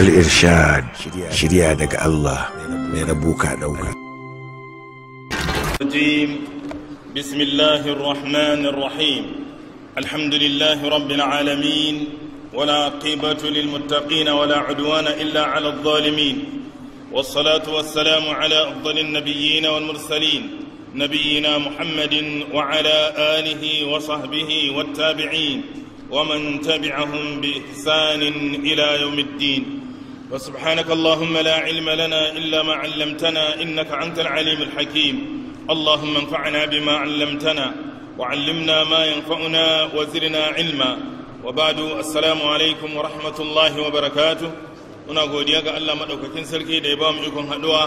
الإرشاد شريعة دك الله من mai دوك ɗauka. بسم الله الرحمن الرحيم الحمد لله رب العالمين ولا قيبة للمتقين ولا عدوان إلا على الظالمين والصلاة والسلام على أفضل النبيين والمرسلين نبينا محمد وعلى آله وصحبه والتابعين ومن تبعهم بإحسان إلى يوم الدين وسبحانك اللهم لا علم لنا إلا ما علمتنا إنك أنت العليم الحكيم اللهم انفعنا بما علمتنا وعلمنا ما ينفعنا وزرنا علما وبعد السلام عليكم ورحمة الله وبركاته muna godiya ga Allah maɗaukakin sarki da ya ba mu ikon haɗuwa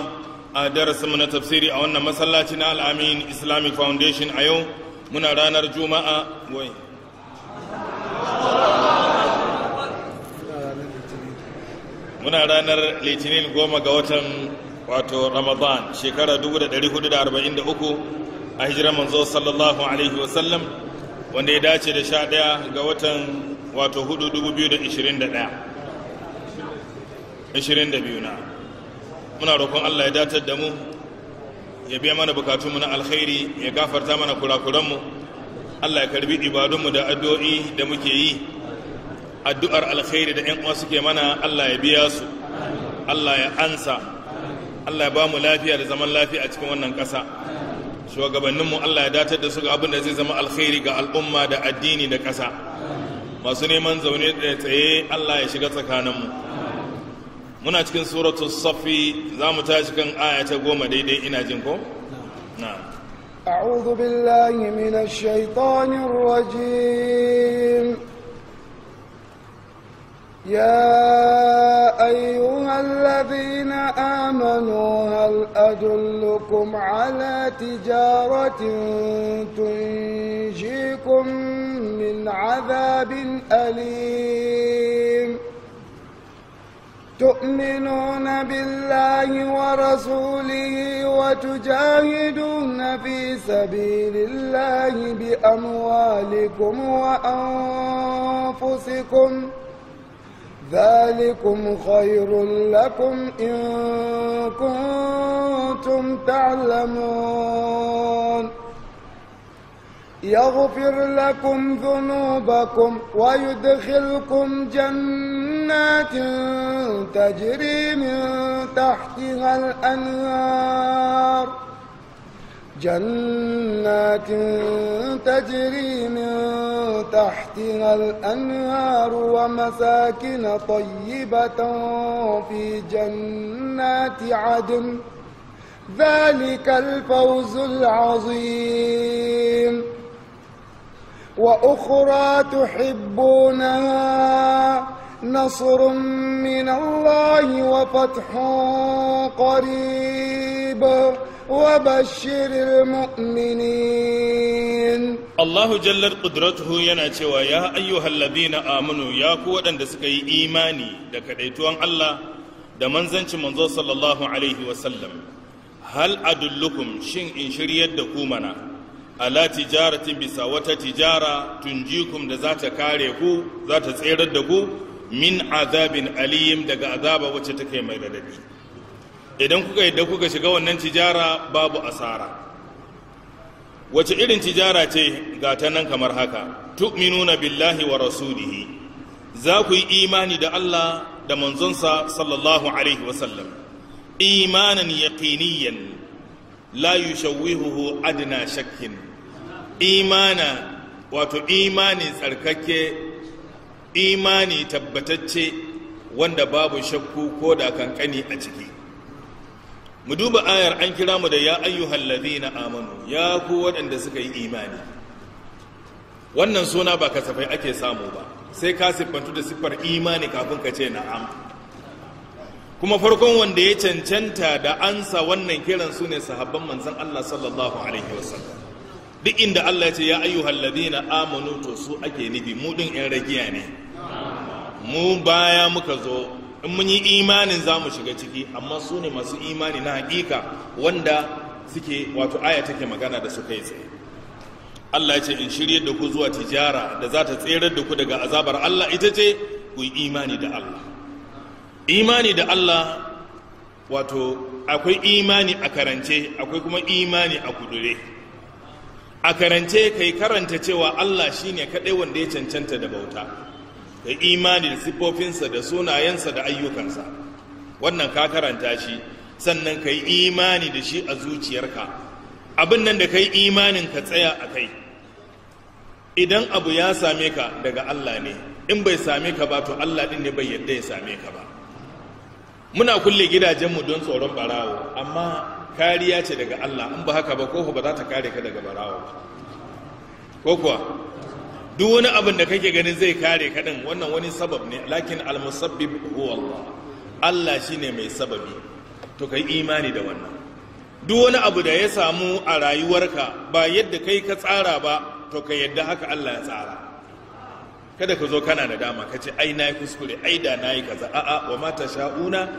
a darasinmu na tafsiri a wannan masallaci na al'amin islamic foundation a yau muna ranar juma'a muna ranar litinin goma ga watan wato ramadan shekara 443 a hijirar manzo sallallahu alaihi wasallam wanda ya dace da sha daya ga watan wato 4221 na muna roƙon allah ya datar da mu ya biya mana bukatunmu na alkhairi ya gafarta mana kurakuranmu allah ya karbi ibadunmu da addu'o'i da muke yi addu'ar alkhairi da 'yan uwa suke mana Allah ya biya su Allah ya ansa Allah ya ba mu lafiya da zaman lafiya a cikin wannan ƙasa shugabanninmu Allah ya datar da su ga abin da zai zama alkhairi ga al'umma da addini da ƙasa masu neman zaune da tsaye Allah ya shiga tsakaninmu muna cikin suratu safi za mu tashi kan aya ta goma daidai ina jin ko na أعوذ بالله من الشيطان الرجيم يا أيها الذين آمنوا هل أدلكم على تجارة تنجيكم من عذاب أليم تؤمنون بالله ورسوله وتجاهدون في سبيل الله بأموالكم وأنفسكم ۖ ذلكم خير لكم إن كنتم تعلمون يغفر لكم ذنوبكم ويدخلكم جنات تجري من تحتها الأنهار جنات تجري من تحتها الأنهار ومساكن طيبة في جنات عدن ذلك الفوز العظيم وأخرى تحبونها نصر من الله وفتح قريب وبشر المؤمنين الله جل قدرته yana cewa ya ayyuhal ladina amanu ya ku waɗanda suka yi imani da kadaituwan Allah da manzancin manzo sallallahu alaihi wa sallam hal adullukum shin in shiryar da ku mana ala tijaratin bisa wata tijara tunjikum da zata kare ku zata ta da ku min azabin aliyim daga azaba wacce take mai radadi idan kuka yadda kuka shiga wannan tijara babu asara wace irin tijara ce ga ta nan kamar haka tu'minuna billahi wa rasulihi za ku yi imani da Allah da manzonsa sallallahu alaihi wasallam imanan yaqiniyan la yushawwihuhu adna shakkin imana wato imani tsarkake imani tabbatacce wanda babu shakku ko da kankani a ciki mu duba ayar an kira mu da ya ayyuhal ladina amanu ya ku waɗanda suka yi imani wannan suna ba kasafai ake samu ba sai ka siffantu da siffar imani kafin ka ce na'am kuma farkon wanda ya cancanta da ansa wannan kiran su ne sahabban manzon Allah sallallahu alaihi wasallam duk inda Allah ya ce ya ayyuhal ladina amanu to su ake nufi mu din yan ragiya ne mu baya muka zo in mun yi imanin za mu shiga ciki amma su ne masu imani na hakika wanda suke wato aya take magana da su kai tsaye Allah ce in shirye da ku zuwa tijara da za ta tserar da ku daga azabar Allah ita ce ku yi imani da Allah imani da Allah wato akwai imani a karance akwai kuma imani a kudure a karance kai karanta cewa Allah shine kadai wanda ya cancanta da bauta da imani da siffofinsa da sunayensa da ayyukansa wannan ka karanta shi sannan ka yi imani da shi a zuciyarka abin nan da ka yi imanin ka tsaya a kai idan abu ya same ka daga allah ne in bai same ka ba to allah ɗin ne bai yadda ya same ka ba muna kulle gidajenmu don tsoron barawo amma kariya ce daga allah in ba haka ba ko ba za ta kare ka daga barawo ba ko kuwa duk wani abin da kake ganin zai kare ka din wannan wani sabab ne lakin al-musabbib huwa Allah Allah shine mai sababi to kai imani da wannan duk wani abu da ya samu a rayuwarka ba yadda kai ka tsara ba to ka yadda haka Allah ya tsara kada ka zo kana da dama ka ce ai nayi kuskure ai da nayi kaza a'a wa mata sha'una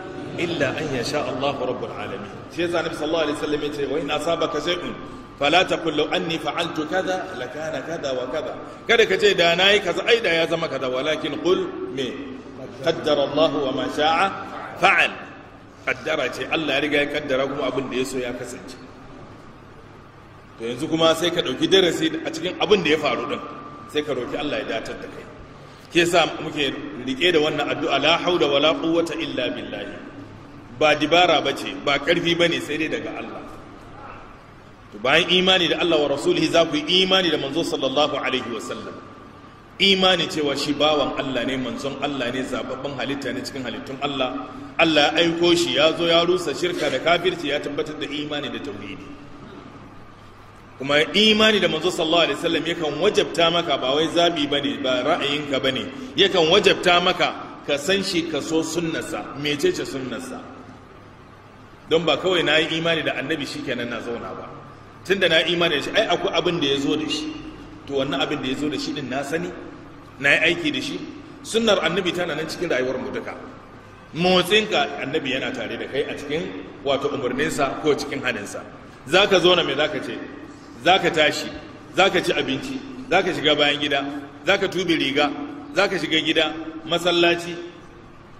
illa an yasha Allah rabbul alamin shi yasa nabi sallallahu alaihi wasallam ya ce wa in asabaka shay'un fala an nifa an fa'altu kaza lakana kada wa kada, kada ka ce da yi kaza ai da ya zama kada, walakin kul me qaddara Allah wa ma sha'a fa'al kaddara ce Allah ya riga ya kaddara kuma abin da ya so ya kasance to yanzu kuma sai ka ɗauki darasi a cikin abin da ya faru din sai ka roki Allah ya datar da kai ke sa muke riƙe da wannan addu'a la haula wala quwwata illa billahi ba dibara bace ba ba bane sai dai daga Allah to bayan imani da Allah wa rasulihi za ku yi imani da manzo sallallahu alaihi wa sallam imani cewa shi bawan Allah ne manzon Allah ne zababban halitta ne cikin halittun Allah Allah ya aiko shi ya zo ya rusa shirka da kafirci ya tabbatar da imani da tauhidi kuma imani da manzo sallallahu alaihi wasallam yakan wajabta maka ba wai zabi bane ba ra'ayinka bane yakan wajabta maka ka san shi ka so sunnarsa mecece sunnarsa don ba kawai na yi imani da annabi shikenan na zauna ba tun da na imanin da shi ai akwai abin da ya zo da shi to wannan abin da ya zo da shi din na sani na yi aiki da shi sunnar annabi tana nan cikin rayuwar mu duka motsinka annabi yana tare da kai a cikin wato umarninsa ko cikin haninsa za ka zo na me za ka ce za ka tashi za ka ci abinci za ka shiga bayan gida za ka tubi riga za ka shiga gida masallaci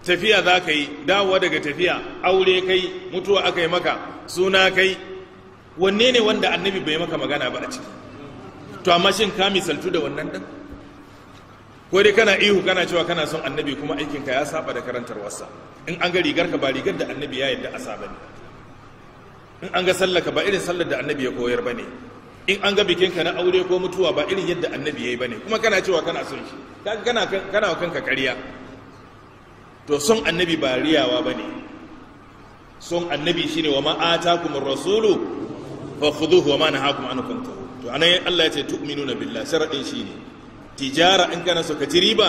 tafiya za ka yi dawowa daga tafiya aure kai mutuwa aka yi maka suna kai wanne ne wanda annabi bai maka magana ba a ciki to amma shin ka misaltu da wannan dan? ko dai kana ihu kana cewa kana son annabi kuma aikinka ya saba da karantar wasa. in an ga rigar ka ba rigar da annabi ya yadda a saba ne in an ga sallaka ba irin sallar da annabi ya koyar ba ne in an ga bikin ka na aure ko mutuwa ba irin yadda annabi ya yi ba ne kuma kana cewa kana son shi kana wa kanka karya to son annabi ba riyawa ba ne son annabi shine wa ma'ata kuma rasulu fa khudhuhu wa ma nahakum anhu fantahu to anan Allah ya ce tu'minuna billah sharadin shine tijara in kana so ka ci riba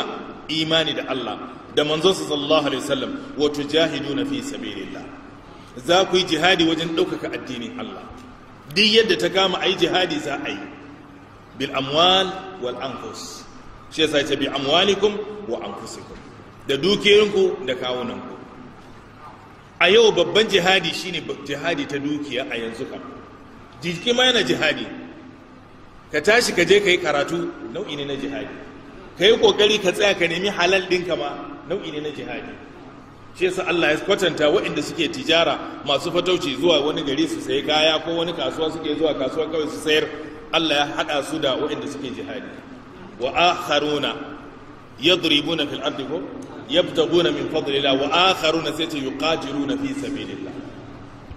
imani da Allah da manzon sallallahu alaihi wasallam wa tujahiduna fi sabilillah za ku yi jihadi wajen ɗaukaka addinin Allah duk yadda ta kama ayi jihadi za a yi bil amwal wal anfus shi yasa ce bi amwalikum wa anfusikum da dukiyoyinku da kawunanku a yau babban jihadi shine jihadi ta dukiya a yanzu kam jiki ma yana jihadi ka tashi ka je ka yi karatu nau'i ne na jihadi ka yi kokari ka tsaya ka nemi halal ɗinka ma nau'i ne na jihadi shi yasa Allah ya kwatanta waɗanda suke tijara masu fatauci zuwa wani gari su sayi kaya ko wani kasuwa suke zuwa kasuwa kawai su sayar Allah ya haɗa su da waɗanda suke jihadi wa akharuna yadribuna fil ardi ko yabtaguna min fadlillah wa akharuna sai ce yuqatiluna fi sabilillah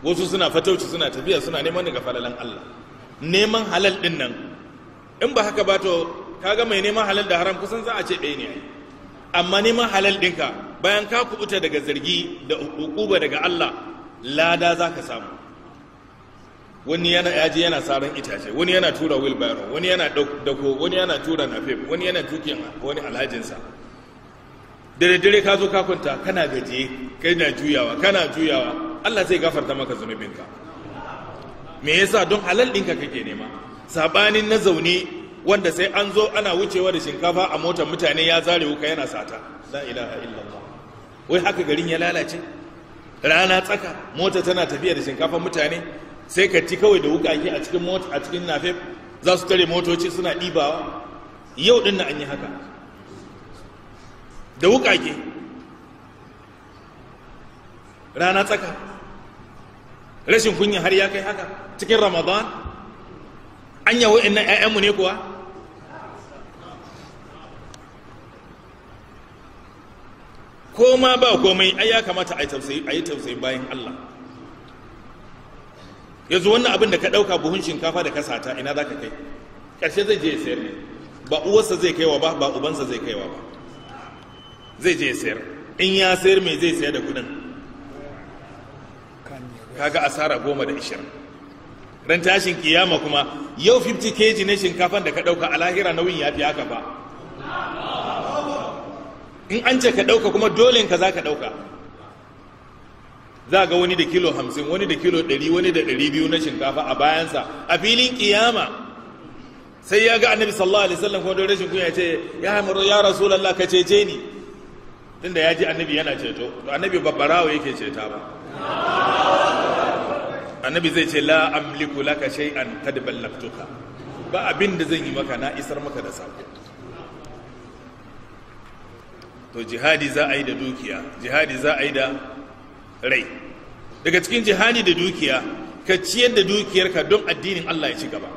wasu suna fatauci suna tafiya suna neman daga falalan Allah neman halal din nan in ba haka ba to kaga mai neman halal da haram kusan za a ce ɗaya ne amma neman halal ɗinka bayan ka kubuta daga zargi da hukuba daga Allah lada za ka samu wani yana yaji yana saran itace wani yana tura wheelbarrow wani yana dako wani yana tura nafef wani yana tukin wani alhajinsa da dare-dare ka zo ka kwanta kana kai na juyawa kana juyawa Allah zai gafarta maka zunubinka me yasa don halal ɗinka kake nema sabanin na zaune wanda sai an zo ana wucewa da shinkafa a motar mutane ya zare wuka yana sata la ilaha illallah wai haka garin ya lalace rana tsaka mota tana tafiya da shinkafa mutane sai ka ci kawai da wukaki a cikin mota a cikin nafe za su tare motoci suna ɗibawa yau ɗin na an yi haka da wukaki rana tsaka rashin kunya har ya kai haka cikin ramadan an yawo innan 'ya'yanmu ne kuwa ko ma ba komai ai ya kamata a yi tausayi bayan allah yanzu wannan abin da ka ɗauka buhun shinkafa da kasata ina za ka kai ƙarshe zai je ya sayar ne ba uwarsa zai kaiwa ba ba ubansa zai kaiwa ba zai je ya sayar in ya sayar mai zai sayar da kuɗin kaga asara goma da ishirin ran tashin kiyama kuma yau 50 kg ne shinkafan da ka ɗauka a lahira nauyin ya fi haka ba in an ce ka ɗauka kuma dole ka za ka ɗauka za ga wani da kilo 50 wani da kilo 100 wani da 200 na shinkafa a bayansa a filin kiyama sai ya ga annabi sallallahu alaihi wasallam kuma don rashin kunya ya ce ya amuru ya rasulullah ka cece ni tunda ya ji annabi yana ceto to annabi babbarawo yake ceta ba annabi zai ce la amliku laka shay'an kad ballagtuka ba abin da zan yi maka na isar maka da sako to jihadi za a yi da dukiya jihadi za a yi da rai daga cikin jihadi da dukiya ka ciyar da dukiyarka don addinin Allah ya ci gaba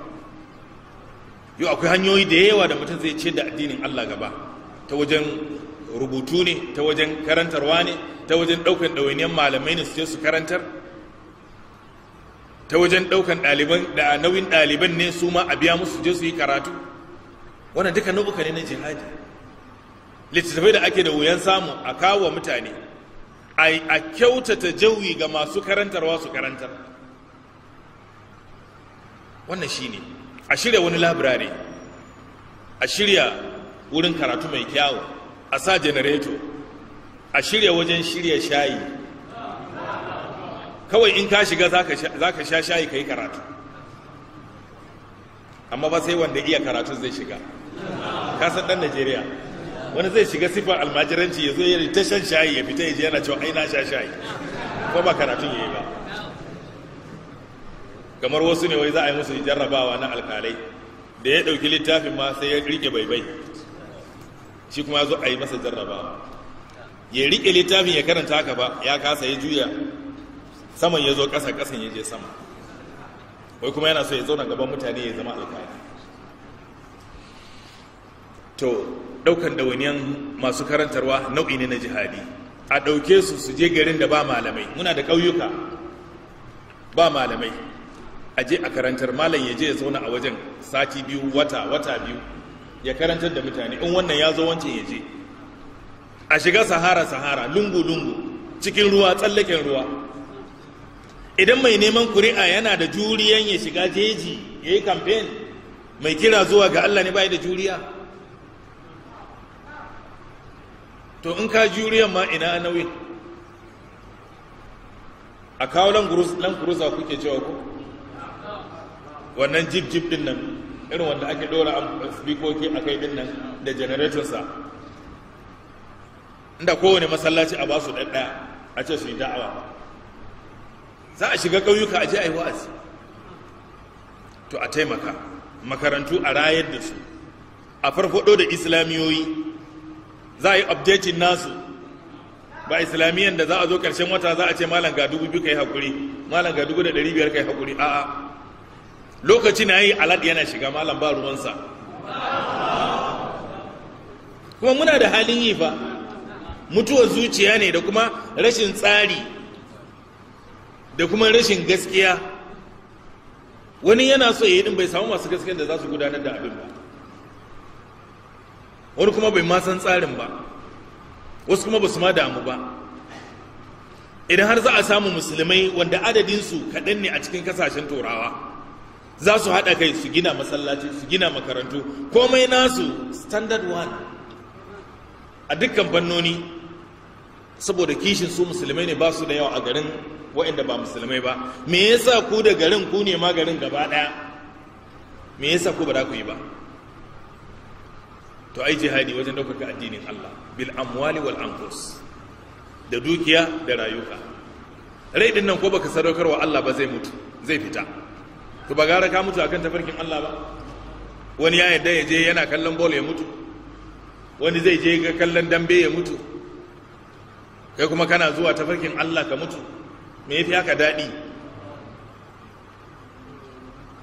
yau akwai hanyoyi da yawa da mutum zai ciyar da addinin Allah gaba ta wajen rubutu ne ta wajen karantarwa ne ta wajen ɗaukar ɗawainiyar malamai ne su su karantar ta wajen ɗaukan ɗaliban da nauyin ɗaliban ne su ma a biya musu je su yi karatu wannan duka nau'uka ne na jihadi littattafai da ake da wuyan samu a kawo mutane a kyautata jawi ga masu karantarwa su karantar wannan shi ne, a shirya wani labirare a shirya wurin karatu mai kyawu a sa janareto a shirya wajen shirya shayi kawai in ka shiga za ka sha shayi ka yi karatu amma ba sai wanda iya karatu zai shiga kasar dan najeriya wani zai shiga siffar almajiranci ya zo yi ta shan shayi ya fita ya yana cewa ai na sha shayi ko ba karatun ya yi ba kamar wasu ne wai za a yi musu jarrabawa na alkalai da ya ɗauki littafin ma sai ya rike baibai shi kuma ya zo a yi masa jarrabawa ya rike littafin ya karanta haka ba ya kasa ya juya saman ya zo ƙasa ƙasan ya je sama wai kuma yana so ya zauna gaban mutane ya zama alƙali to ɗaukan ɗawainiyan masu karantarwa nau'i ne na jihadi a ɗauke su su je garin da ba malamai muna da ƙauyuka ba malamai a je a karantar malam ya je ya zauna a wajen sati biyu wata wata biyu ya karantar da mutane in wannan ya zo wancan ya je a shiga sahara sahara lungu lungu cikin ruwa tsallaken ruwa idan mai neman kuri'a yana da juriyan ya shiga jeji ya yi kamfen mai kira zuwa ga Allah ne bai da juriya to in ka juriyan ma ina nauyin a kawo lan kurusa kuke cewa ku wannan jib jib din nan irin wanda ake dora spikoki a kai din nan da generatorsa inda kowane masallaci a basu ɗaya, a ce su yi da'awa za a shiga ƙauyuka a ji a yi wa'azi to a taimaka makarantu a rayar da su a farfado da islamiyoyi za a yi updating nasu ba islamiyan da za a zo ƙarshen wata za a ce malam ga dubu biyu ka yi haƙuri malam ga dubu da ɗari biyar ka yi haƙuri a'a lokaci na yi alad yana shiga malam ba ruwansa kuma muna da halin yi fa mutuwar zuciya ne da kuma rashin tsari da kuma rashin gaskiya wani yana so ya yi din bai samu masu gaskiya da za su gudanar da abin ba wani kuma bai ma san tsarin ba wasu kuma ba su ma damu ba idan har za a samu musulmai wanda adadinsu kaɗan ne a cikin kasashen turawa za su haɗa kai su gina masallaci su gina makarantu komai nasu standard one a dukkan fannoni saboda kishin su musulmai ne ba su da yawa a garin waɗanda ba musulmai ba me yasa ku da garin ku ne ma garin gaba ɗaya me yasa ku ba za ku yi ba to ai jihadi wajen ɗaukaka addinin Allah bil amwali wal anfus da dukiya da rayuka rai din nan ko baka sadaukarwa Allah ba zai mutu zai fita to ba gara ka mutu akan tafarkin Allah ba wani ya yarda ya je yana kallon bol ya mutu wani zai je ga kallon dambe ya mutu kai kuma kana zuwa tafarkin Allah ka mutu me yafi haka daɗi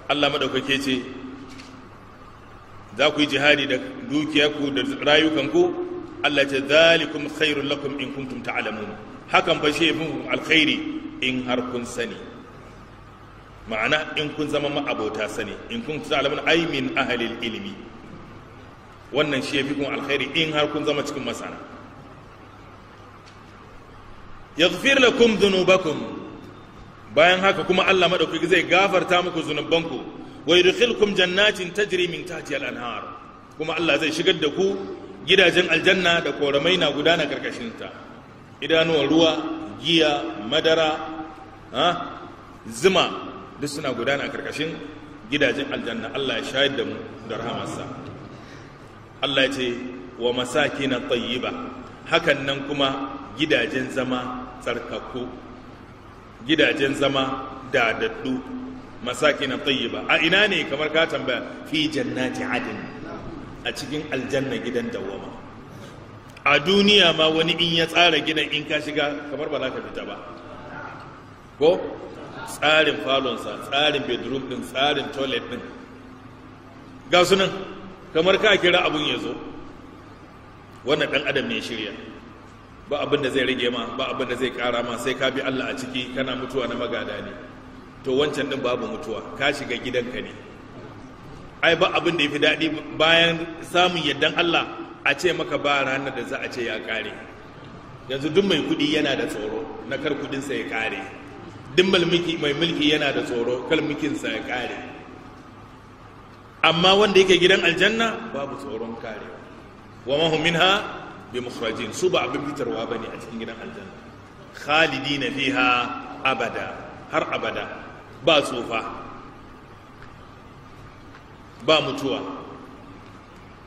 Allah madaukake ce za ku yi jihadi da dukiyarku da rayukanku Allah ce zalikum khairul lakum in kuntum ta'lamun hakan fa shi alkhairi in har kun sani ma'ana in kun zama ma'abota sani in kun ta'lamun ay min ahlil ilmi wannan shi yafi kun alkhairi in har kun zama cikin masana yaghfir lakum dhunubakum bayan haka kuma Allah madaukaki zai gafarta muku zunubanku wa yudkhilkum jannatin tajri min tahtiha al-anhar kuma Allah zai shigar da ku gidajen aljanna da koramai na gudana karkashin ta ruwa giya madara ha zuma duk suna gudana a karkashin gidajen aljanna Allah ya shayar da mu da rahamarsa Allah ya ce wa masakina tayyiba hakan nan kuma gidajen zama tsarkaku gidajen zama da daddu masaki na tayyiba a ina ne kamar ka tambaya fi jannati adin a cikin aljanna gidan dawama a duniya ma wani in ya tsara gidan in ka shiga kamar ba za ka fita ba ko tsarin falonsa tsarin bedroom din tsarin toilet din ga sunan kamar ka kira abun ya zo wannan dan adam ne shirya ba abin da zai rage ma ba abin da zai kara ma sai ka bi Allah a ciki kana mutuwa na magada ne to wancan din babu mutuwa ka shiga gidanka ne ai ba abin da yafi daɗi bayan samun yaddan Allah a ce maka ba ranar da za a ce ya kare yanzu duk mai kuɗi yana da tsoro na kar kuɗinsa ya kare duk mai mulki yana da tsoro kar sa ya kare amma wanda yake gidan aljanna babu tsoron kare wa mahum bi mukhrajin su ba abin fitarwa bane a cikin gidan aljanna khalidina fiha abada har abada ba tsofa ba mutuwa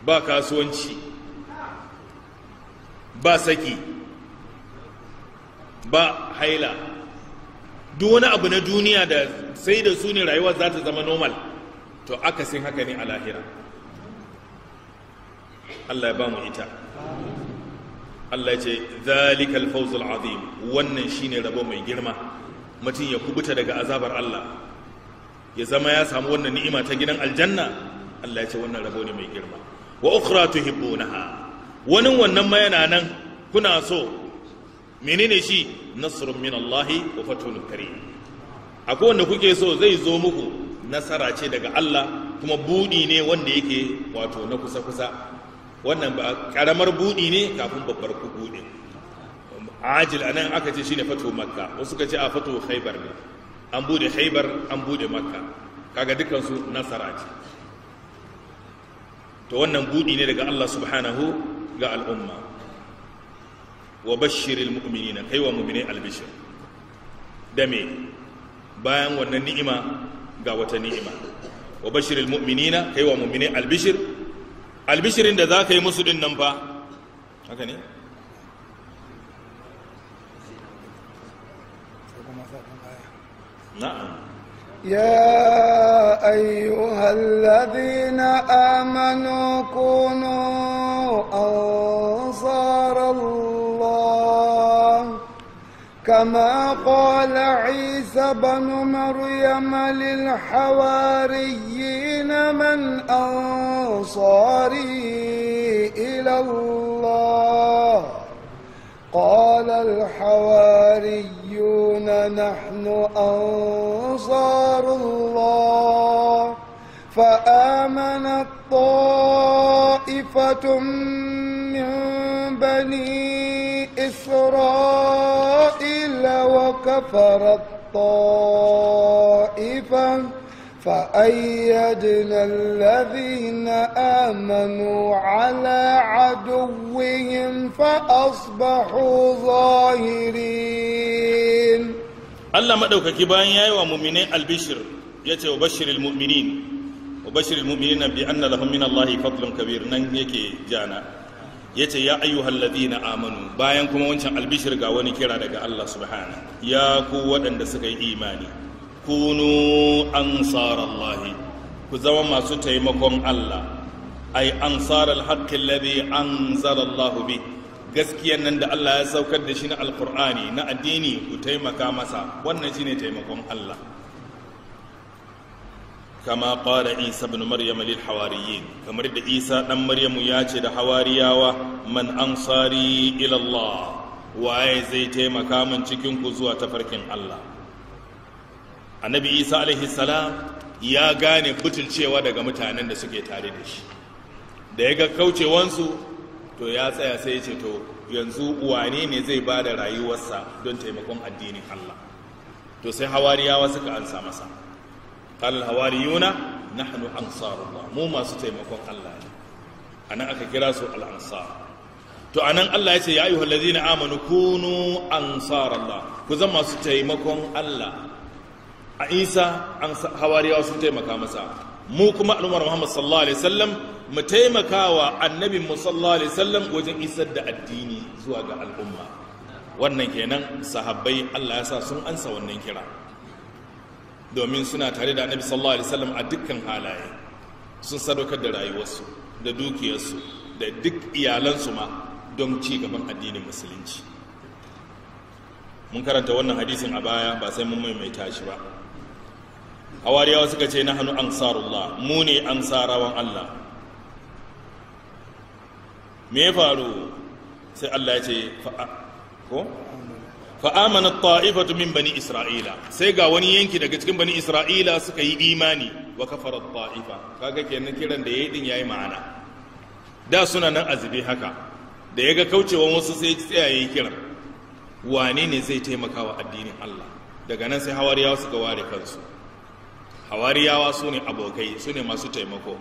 ba kasuwanci ba saki ba haila duk wani abu na duniya da sai da su ne rayuwar za ta zama normal to aka akasin haka ne a lahira Allah ya ba mu ita Allah ya ce zalikal fawzul azim wannan shine rabo mai girma mutum ya kubuta daga azabar Allah ya zama ya samu wannan ni'ima ta gidan aljanna Allah ya ce wannan rabo ne mai girma wa ukhra tuhibbunaha wani wannan ma yana nan kuna so menene shi nasrun min Allah wa fatun karim akwai wanda kuke so zai zo muku nasara ce daga Allah kuma budi ne wanda yake wato na kusa kusa wannan ba karamar buɗi ne kafin babbar ku buɗi ajil anan aka ce shine fato makka wasu ka ce a fato khaybar ne an bude khaybar an bude makka kaga dukan su nasara ce to wannan buɗi ne daga Allah subhanahu ga al'umma wa bashiril mu'minina kai wa mu'minai albishir da me bayan wannan ni'ima ga wata ni'ima wa bashiril mu'minina kai wa mu'minai albishir albishirin da za ka yi musu din nan ba haka ne يا أيها الذين آمنوا كونوا أنصار الله كما قال عيسى بن مريم للحواريين من أنصار أنصاري إلى الله قال الحواريون نحن أنصار الله فآمنت طائفة من بني إسرائيل وكفرت طائفة فأيدنا الذين آمنوا على عدوهم فأصبحوا ظاهرين الله مدوك كبان ياي ومؤمنين البشر يتي وبشر المؤمنين وبشر المؤمنين بأن لهم من الله فضل كبير نن نعم، يكي جانا يتي يا أيها الذين آمنوا باينكم وانشان البشر قاواني كرا لك الله سبحانه يا قوة اندسك إيماني kunu ansarallahi ku zama masu taimakon Allah ai ansaral haqqi alladhi anzala Allah bi gaskiyan nan da Allah ya saukar da shi na alqur'ani na addini ku taimaka masa wannan shine taimakon Allah kama qala Isa ibn Maryam lil hawariyin kamar da Isa dan Maryamu ya ce da hawariyawa man ansari ila Allah waye zai taimaka min cikin ku zuwa tafarkin Allah annabi isa alaihi salam ya gane butulcewa daga mutanen da suke tare da shi da ya ga kaucewansu to ya tsaya sai ya ce to yanzu wane ne zai ba da rayuwarsa don taimakon addinin allah to sai hawariyawa suka ansa masa kalal hawariyuna nahnu ansarullah mu masu taimakon allah ne anan aka kira su al'ansar to anan Allah ya ce ya ayyuhal na amanu kunu ansarallah ku zama su taimakon Allah a isa an hawariyawa sun taimaka masa mu kuma al'ummar muhammad sallallahu alaihi wasallam mu taimaka wa annabi mu sallallahu alaihi wasallam wajen isar da addini zuwa ga al'umma wannan kenan sahabbai Allah ya sa sun ansa wannan kira domin suna tare da annabi sallallahu alaihi wasallam a dukkan halaye sun sadaukar da rayuwarsu da dukiyarsu da duk iyalansu ma don ci gaban addinin musulunci mun karanta wannan hadisin a baya ba sai mun maimaita shi ba hawariyawa suka ce na hannu ansarullah mu ne ansarawan Allah me faru sai Allah ya ce ko fa'amana ta'ifatu min bani isra'ila sai ga wani yanki daga cikin bani isra'ila suka yi imani wa kafara ta'ifa kaga kenan kiran da yi din yi ma'ana da suna nan azibi haka da ya ga kaucewa wasu sai tsaya yi kiran wane ne zai taimaka wa addinin Allah daga nan sai hawariyawa suka ware kansu hawariyawa su ne abokai su ne masu taimako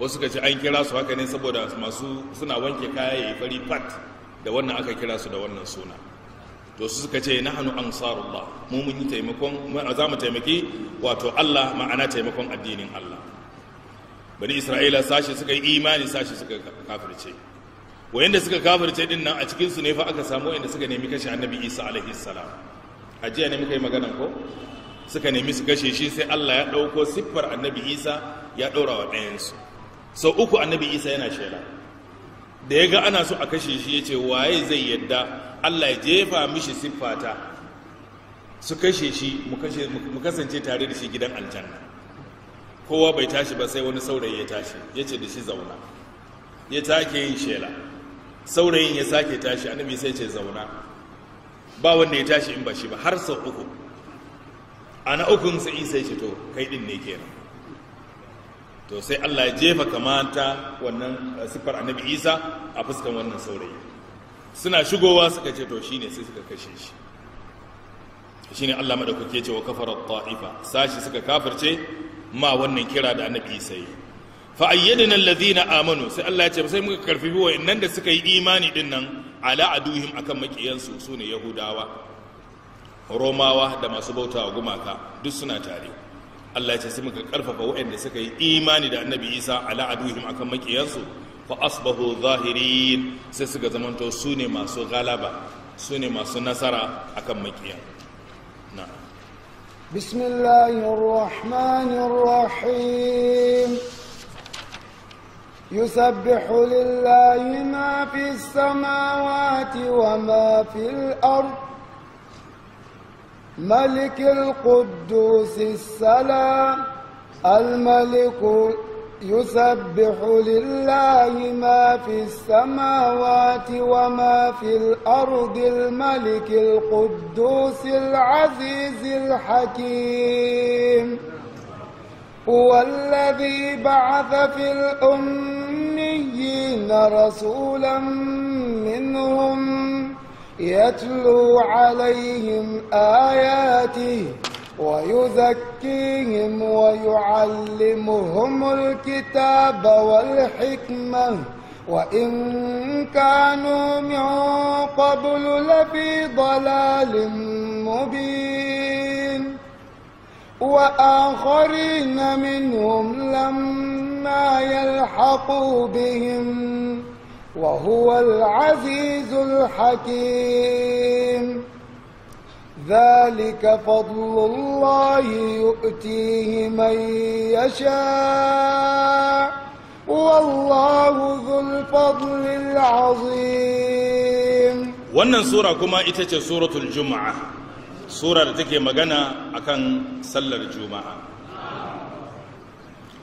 wasu ka ce an kira su haka ne saboda masu suna wanke kaya ya yi fari pat da wannan aka kira su da wannan suna to su suka ce na hannu an ansarullah mu mun yi taimakon za mu taimaki wato allah ma'ana taimakon addinin allah bani isra'ila sashi suka yi imani sashi suka kafirce wayanda suka kafirce din nan a cikin su ne fa aka samu wayanda suka nemi kashe annabi isa alaihi salam a jiya ne muka yi maganan ko suka nemi su kashe shi sai Allah ya ɗauko siffar annabi isa ya ɗora wa ɗayansu sau uku annabi isa yana shela da ya ga ana so a kashe shi ya ce waye zai yadda Allah ya jefa mishi siffata su kashe shi mu kasance tare da shi gidan aljanna kowa bai tashi ba sai wani saurayi ya tashi ya ce da shi zauna ya take yin shela saurayin ya sake tashi annabi sai ce zauna ba wanda ya tashi in ba shi ba har sau uku Ana ukun sai isa shi to kai din ne kenan to sai Allah ya jefa kamata wannan eh, sifar annabi isa a fuskan wannan saurayi suna shigowa suka ce to shine sai suka kashe shi shine Allah madaukake ce wa kafara ta'ifa sashi suka kafirce ma wannan kira da annabi isa yi fa ayyadna alladhina amanu sai Allah ya ce sai muka karfi wa'annan da suka yi imani din nan ala aduhim akan makiyansu sune yahudawa romawa da masu bauta wa gumaka duk suna tare Allah ya ce sai muka karfafa waɗanda suka yi imani da annabi Isa ala aduhim akan makiyansu fa asbahu zahirin sai suka zamanto su ne masu galaba su ne masu nasara akan makiyan na bismillahir rahmanir rahim يسبح لله ما في السماوات وما في الأرض ملك القدوس السلام الملك يسبح لله ما في السماوات وما في الأرض الملك القدوس العزيز الحكيم هو الذي بعث في الأميين رسولا منهم يتلو عليهم آياته ويزكيهم ويعلمهم الكتاب والحكمة وإن كانوا من قبل لفي ضلال مبين وآخرين منهم لما يلحقوا بهم وهو العزيز الحكيم ذلك فضل الله يؤتيه من يشاء والله ذو الفضل العظيم wannan sura kuma ita ce suratul juma'a sura da take magana akan sallar juma'a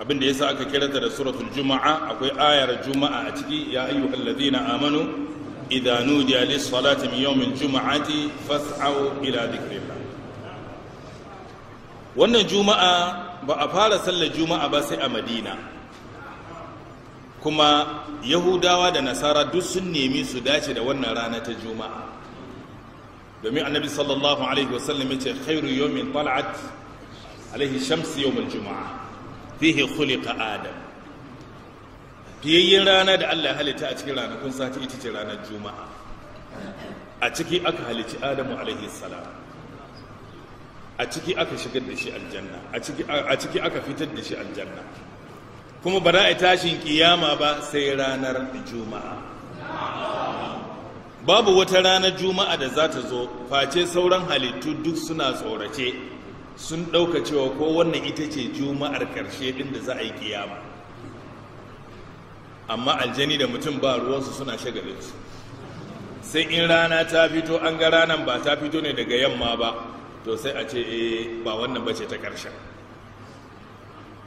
abin da yasa aka kirata da suratul juma'a akwai ayar juma'a a ciki ya ayyuhal ladina amanu idza nudiya lis salati min yawmil juma'ati fas'au ila dhikrillah wannan juma'a ba a fara sallar juma'a ba sai a madina kuma yahudawa da nasara duk sun nemi su dace da wannan rana ta juma'a domin annabi sallallahu alaihi wasallam ya ce khairu yawmin tal'at alaihi shamsi yawmul juma'a fihi khuliqa adam fiyayyen rana da Allah ya halitta a cikin ranakun sati ita ce ranar juma'a a ciki aka halici adamu alaihi salam a ciki aka shigar da shi aljanna a ciki aka fitar da shi aljanna kuma ba za a tashin kiyama ba sai ranar juma'a babu wata ranar juma'a da za ta zo face sauran halittu duk suna tsorace sun ɗauka cewa ko wannan ita ce juma'ar ƙarshe ɗin da za a yi kiyama amma aljani da mutum ba ruwansu suna su sai in rana ta fito an ga ranar ba ta fito ne daga yamma ba to sai a ce e ba wannan ba ce ta ƙarshen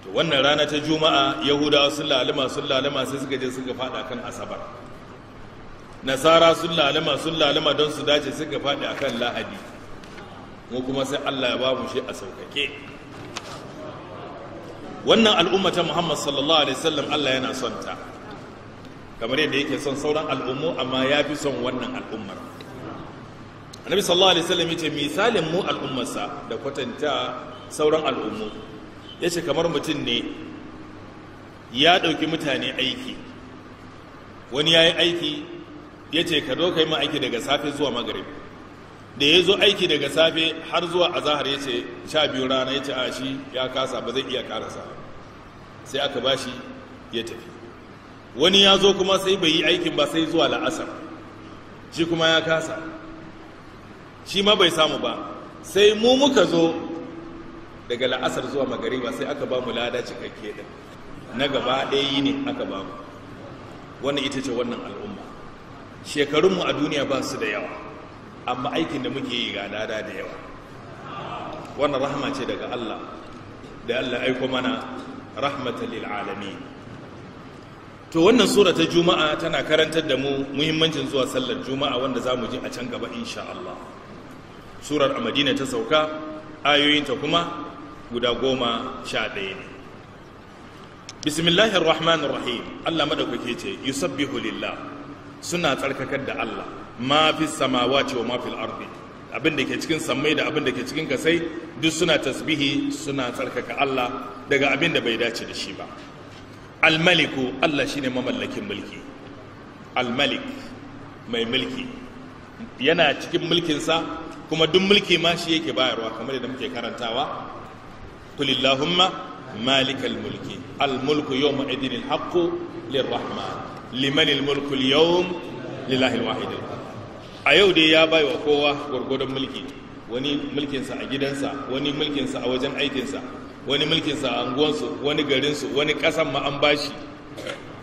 to wannan rana ta juma'a yahudawa sun lalima sun lalima sai suka je suka faɗa kan asabar nasara sun lalima sun lalima don su dace suka faɗi akan lahadi mu kuma sai Allah ya ba mu shi a saukake wannan al'umma ta Muhammad sallallahu alaihi wasallam Allah yana son ta kamar yadda yake son sauran al'ummu amma ya fi son wannan al'ummar annabi sallallahu alaihi wasallam yace misalin mu al'ummarsa da kwatanta sauran al'ummu yace kamar mutum ne ya ɗauki mutane aiki wani ya yi aiki ya ce ka zo ka yi aiki daga safe zuwa magaribi da ya zo aiki daga safe har zuwa zahar ya ce sha biyu rana ya ce a shi ya kasa ba zai iya karasa sai aka ba shi ya tafi wani ya zo kuma sai bai yi aikin ba sai zuwa la'asar shi kuma ya kasa shi ma bai samu ba sai mu muka zo daga la'asar zuwa magariba sai aka ba mu lada cikakke da na gaba ɗaya yi ne aka ba mu wannan ita ce wannan al'umma shekarunmu a duniya ba su da yawa amma aikin da muke yi ga lada da yawa wannan rahama ce daga Allah da Allah aiko mana rahmatan lil alamin to wannan sura ta juma'a tana karantar da mu muhimmancin zuwa sallar juma'a wanda zamu ji a can gaba insha Allah surar a ta sauka ayoyinta kuma guda goma sha ɗaya ne bismillahir rahmanir rahim Allah madaukake ce yusabbihu lillah suna tsarkakar da Allah ma fi samawati wa ma fil ardi abin da ke cikin sammai da abin da ke cikin kasai duk suna tasbihi suna tsarkaka Allah daga abin da bai dace da shi ba almaliku Allah shine mamallakin mulki almalik mai mulki yana cikin mulkinsa kuma duk mulki ma shi yake bayarwa kamar da muke karantawa kulillahumma مالك الملك الملك يوم إذن الحق للرحمن لمن الملك اليوم لله الواحد القهار a yau dai ya bai wa kowa gwargwadon mulki wani mulkinsa a gidansa wani mulkinsa a wajen aikinsa wani mulkinsa a anguwansu wani garinsu wani kasan ma an bashi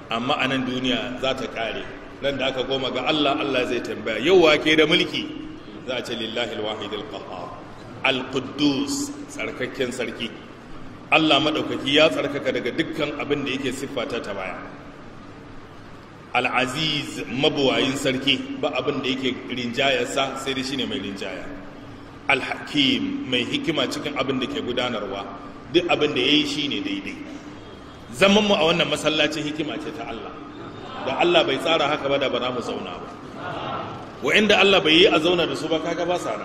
amma a nan duniya za ta kare nan da aka koma ga Allah Allah zai tambaya yau wa ke da mulki za a ce lillahi alwahid alqahhar alquddus tsarkakken sarki Allah madaukaki ya tsarkaka daga dukkan abin da yake siffata ta baya al'aziz mabuwayin sarki ba abin da yake rinjayarsa sai da shi ne mai rinjaya alhakim mai hikima cikin abin da ke gudanarwa duk abin da ya yi shi ne daidai zamanmu a wannan masallacin hikima ce ta Allah da Allah bai tsara haka ba da ba mu zauna ba wa'inda Allah bai yi a zauna da su ba kaga ba sa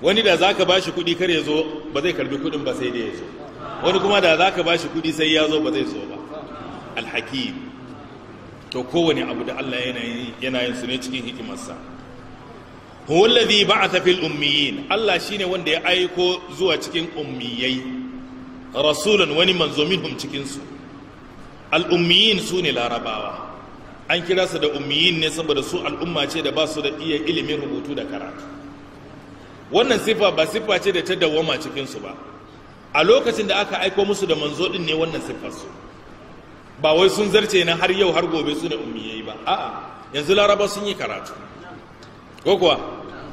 wani da zaka shi kuɗi kar ya zo ba zai karbi kuɗin ba sai dai ya zo wani kuma da zaka shi kuɗi sai ya zo ba zai zo ba alhakim to kowane abu da Allah yana yin su ne cikin hikimarsa huwallazi ba'atha fil ummiyin Allah shine wanda ya aiko zuwa cikin ummiyai rasulan wani manzo minhum cikin su al ummiyin sune larabawa an kira su da ummiyin ne saboda su al'umma ce da ba su da iya ilimin rubutu da karatu wannan siffa ba sifa ce da ta dawwama cikinsu ba a lokacin da aka aiko musu da manzo din ne wannan siffar ba wai sun zarce na har yau har gobe su ne ummiyai ba a'a yanzu laraba sun yi karatu ko kuwa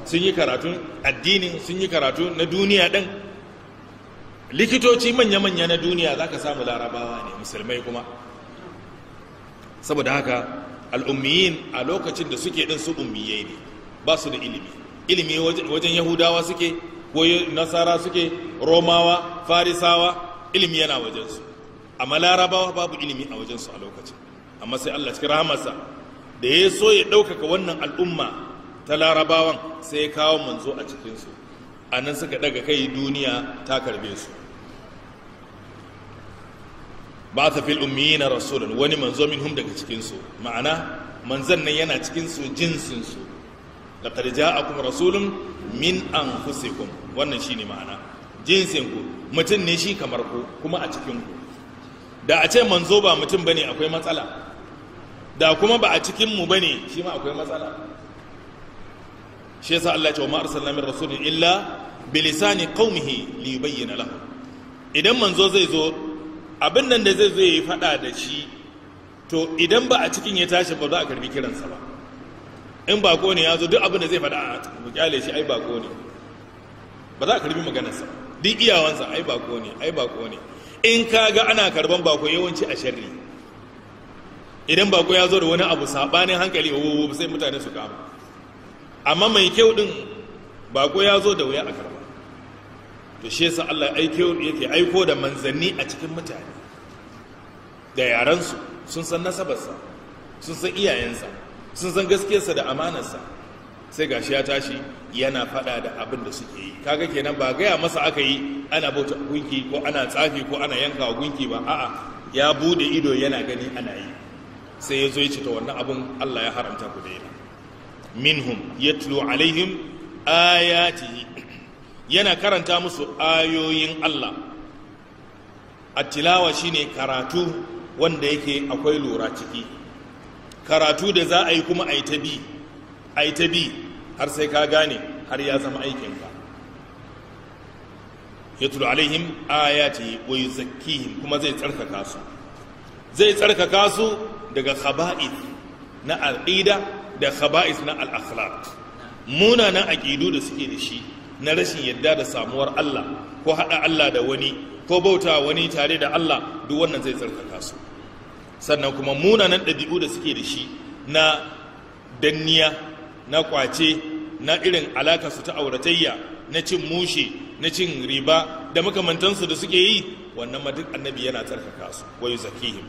sun yi karatun addini sun yi karatu na duniya ɗin likitoci manya-manya na duniya za ka samu larabawa ne musulmai kuma saboda haka al'ummiyin a lokacin da suke ɗin su ummiyai ne ba su da ilimi ilimi wajen yahudawa suke ko nasara suke romawa farisawa ilimi yana wajensu amma larabawa babu ilimi a wajensu a lokacin amma sai allah cikin rahamarsa da ya so ya ɗaukaka wannan al'umma ta larabawan sai ya kawo manzo a cikinsu a nan suka ɗaga kai duniya ta karbe su ba ta fil ummiyina rasulun wani manzo hum daga cikinsu ma'ana manzan nan yana cikinsu jinsinsu a ja'akum rasulun min anfusikum wannan shine ma'ana jinsinku mutum ne shi kamar ku kuma a cikinku da a ce manzo ba mutum bane akwai matsala da kuma ba a cikin mu bane shi ma akwai matsala shi yasa Allah ya ce wa ma arsalna min rasulin illa lisani qaumihi li yubayyana lahu idan manzo zai zo abin nan da zai zo yayi fada da shi to idan ba a cikin ya tashi ba za a karbi kiransa ba in ko ne ya zo duk abin da zai fada a ah, kyale shi ai ko ne ba za a karbi maganarsa duk iyawansa ai ko ne ai ko ne in ka ga ana karban bako yawanci a sharri idan bako ya zo da wani abu sabanin hankali wuwu sai mutane su kama amma mai kyau din bako ya zo da wuya a karba to shi yasa Allah yake aiko da manzanni a cikin mutane da yaransu sun san nasabarsa sun san iyayensa sun san gaskiyarsa da amanarsa sai gashi ya tashi yana fada da abin da suke yi kaga kenan ba gaya masa aka yi ana bauta gunki ko ana tsafi ko ana yankawa gunki ba a'a ya bude ido yana gani ana yi sai ya zo ya ce ta wannan abin Allah ya haramta ku da daina minhum yatlu alaihim ayati yana karanta musu ayoyin Allah attilawa shine karatu wanda yake akwai lura ciki karatu da za a yi kuma a yi ta bi ai ta bi har sai ka gane har ya zama aikinka yatlu alaihim ayati wa yuzakkihim kuma zai tsarkaka su zai tsarkaka su daga khaba'id na al'ida da khaba'is na al-akhlaq munanan aqidu da suke da shi na rashin yadda da samuwar Allah ko hada Allah da wani ko bauta wani tare da Allah duk wannan zai tsarkaka su sannan kuma munanan ɗabi'u da suke da shi na danniya na kwace na irin alaka su ta auratayya na cin mushe na cin riba da makamantansu da suke yi wannan ma duk annabi yana tsarkaka su wa yuzakihim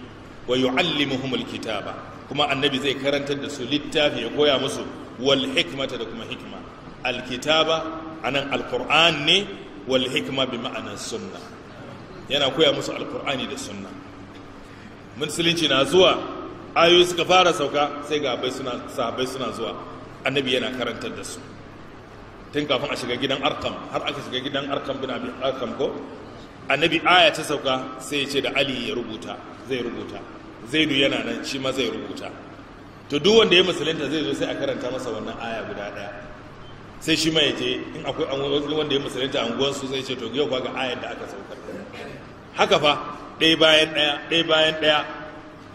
wa yuallimuhum alkitaba kuma annabi zai karantar da su littafi ya koya musu wal hikmata da kuma hikma alkitaba anan alquran ne wal hikma bi ma'ana sunna yana koya musu Alkur'ani da sunna musulunci na zuwa ayoyi suka fara sauka sai ga sahabai suna zuwa annabi yana karantar da su tun kafin a shiga gidan arkam har aka shiga gidan arkam bin abin arkam ko annabi aya ta sauka sai ya ce da ali ya rubuta zai rubuta zaidu yana nan shi ma zai rubuta to duk wanda ya musulunta zai zo sai a karanta masa wannan aya guda daya sai shi ma ya ce in akwai wanda ya musulunta anguwansu zai ce to yau ga ayar da aka sauka. haka fa ɗaya bayan ɗaya ɗaya bayan ɗaya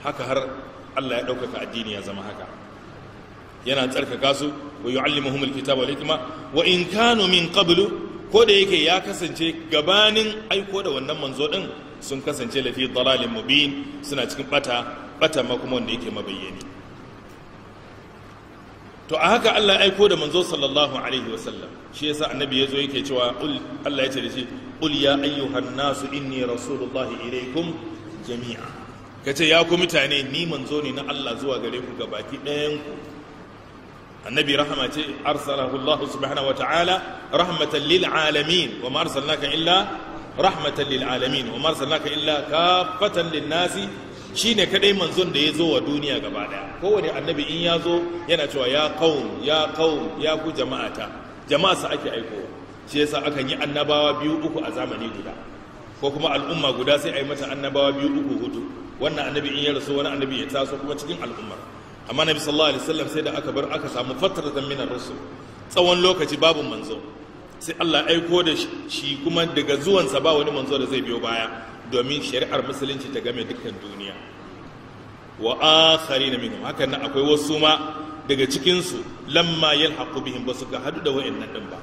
haka har allah ya ɗaukaka addini ya zama haka yana tsarkaka su wa yu'allimuhum alkitaba wal hikma wa in kanu min qablu ko da yake ya kasance gabanin aiko da wannan manzo din sun kasance lafi dalalin mubin suna cikin bata bata ma kuma wanda yake mabayyani to a haka Allah aiko da manzo sallallahu alaihi wa sallam shi yasa annabi yazo yake cewa qul Allah yace da shi qul ya ayyuhan nasu inni rasulullahi ilaikum jami'a kace ya ku mutane ni manzo ne na Allah zuwa gare ku gabaki ɗayan ku annabi rahama ce arsalahu Allah subhanahu wata'ala rahmatan lil alamin wa ma arsalnaka illa rahmatan lil alamin wa ma arsalnaka illa kafatan lin nasi shine kadai manzon da ya zo wa duniya gaba daya kowane annabi in ya zo yana cewa ya qaum ya qaum ya ku jama'ata jama'a sa ake aiko shi yasa aka yi annabawa biyu uku a zamani guda ko kuma al'umma guda sai a yi mata annabawa biyu uku hudu wannan annabi in ya rasu wani annabi ya taso kuma cikin al'ummar amma nabi sallallahu alaihi wasallam sai da aka bar aka samu fatar min minar rusul tsawon lokaci babu manzo sai Allah aiko da shi kuma daga zuwansa ba wani manzo da zai biyo baya domin shari'ar musulunci ta game dukkan duniya wa akharina minhum hakan nan akwai wasu ma daga cikinsu su lamma yalhaqu bihim basu ga hadu da wa'annan din ba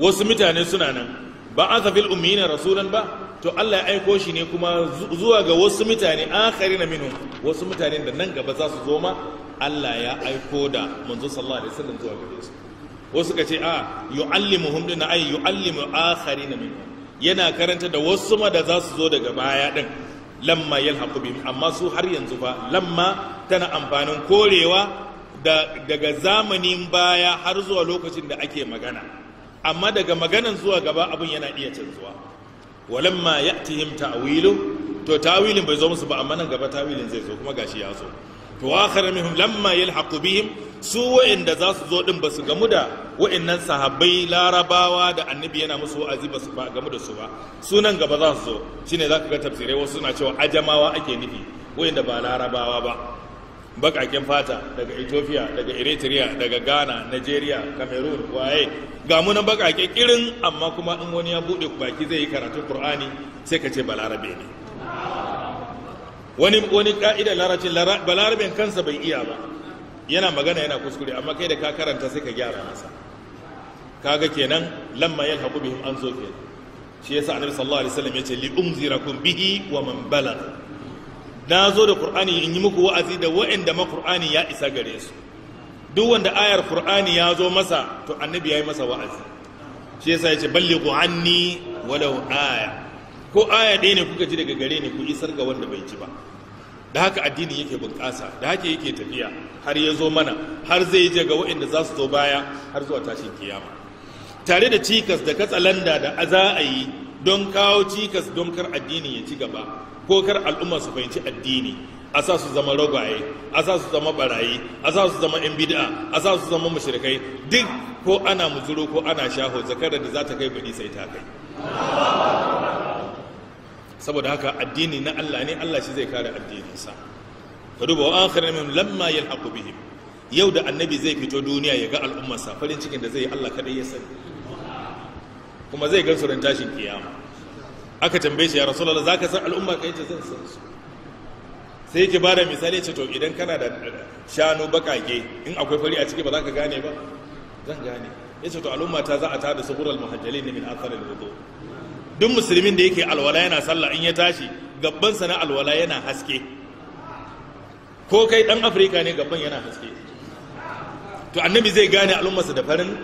wasu mutane suna nan ba a fil ummiyina rasulan ba to Allah ya aiko shi ne kuma zuwa ga wasu mutane akhari na minu wasu mutane da nan gaba za su zo ma Allah ya aiko da manzo sallallahu alaihi wasallam zuwa gare su wasu ka ce a yu'allimuhum din ay yu'allimu akhari na minu yana karanta da wasu ma da za su zo daga baya din lamma yalhaqu bihim amma su har yanzu fa lamma tana amfanin korewa daga zamanin baya har zuwa lokacin da ake magana amma daga maganan zuwa gaba abin yana iya canzuwa ya ya'tihim ta'wilu to ta'wilin bai zo musu ba amma nan gaba ta'wilin zai zo kuma gashi ya zo to akhara minhum lamma yalhaqu bihim su wa'inda za su zo din basu gamu da wa'innan sahabbai larabawa da annabi yana musu wa'azi basu ba gamu da su ba su nan gaba za su zo shine zaka ga tafsirai wasu suna cewa ajamawa ake nufi wa'inda ba larabawa ba bakakin fata daga ethiopia daga eritrea daga ghana nigeria cameroon waye ga munan bakake kirin amma kuma in wani ya bude baki zai yi karatun qur'ani sai ka ce balarabe ne wani wani ka'ida larabcin balaraben kansa bai iya ba yana magana yana kuskure amma kai da ka karanta sai ka gyara masa kaga kenan lamma yalhaqu bihim an zo kenan shi yasa annabi sallallahu alaihi wasallam yace li umzirakum bihi wa man balagha na zo da qur'ani in yi muku wa'azi da wa'anda ma qur'ani ya isa gare su duk wanda ayar qur'ani ya zo masa to annabi ya yi masa wa'azi shi yasa ya ce ballighu anni walau aya ko aya ɗaya ne kuka ji daga gare ni ku isar ga wanda bai ji ba da haka addini yake bunƙasa da haka yake tafiya har ya zo mana har zai je ga wa'anda za su zo baya har zuwa tashin kiyama tare da cikas da katsalanda da za a yi don kawo cikas don kar addini ya ci gaba ko kar al'umma su fahimci addini a sa su zama ragwaye a sa su zama barayi a sa su zama 'yan bid'a a sa su zama mashirikai duk ko ana muzuru ko ana shaho zakarar da za ta kai bani sai ta kai saboda haka addini na Allah ne Allah shi zai kare addininsa ka duba wa an kare min lamma yalhaqu bihim yau da annabi zai fito duniya ya ga al'ummarsa farin cikin da zai yi Allah kadai ya sani kuma zai gansu ran tashin kiyama aka tambaye shi ya za ka san al'umma kai ce zai san su sai yake da misali ce to idan kana da shanu bakage in akwai fari a ciki ba za ka gane ba zan gane ya ce to al'umma ta za a tada suhurar muhajjalin ne min atharin wudu duk musulmin da yake alwala yana sallah in ya tashi gabbansa na alwala yana haske ko kai dan afirka ne gabban yana haske to annabi zai gane al'ummarsa da farin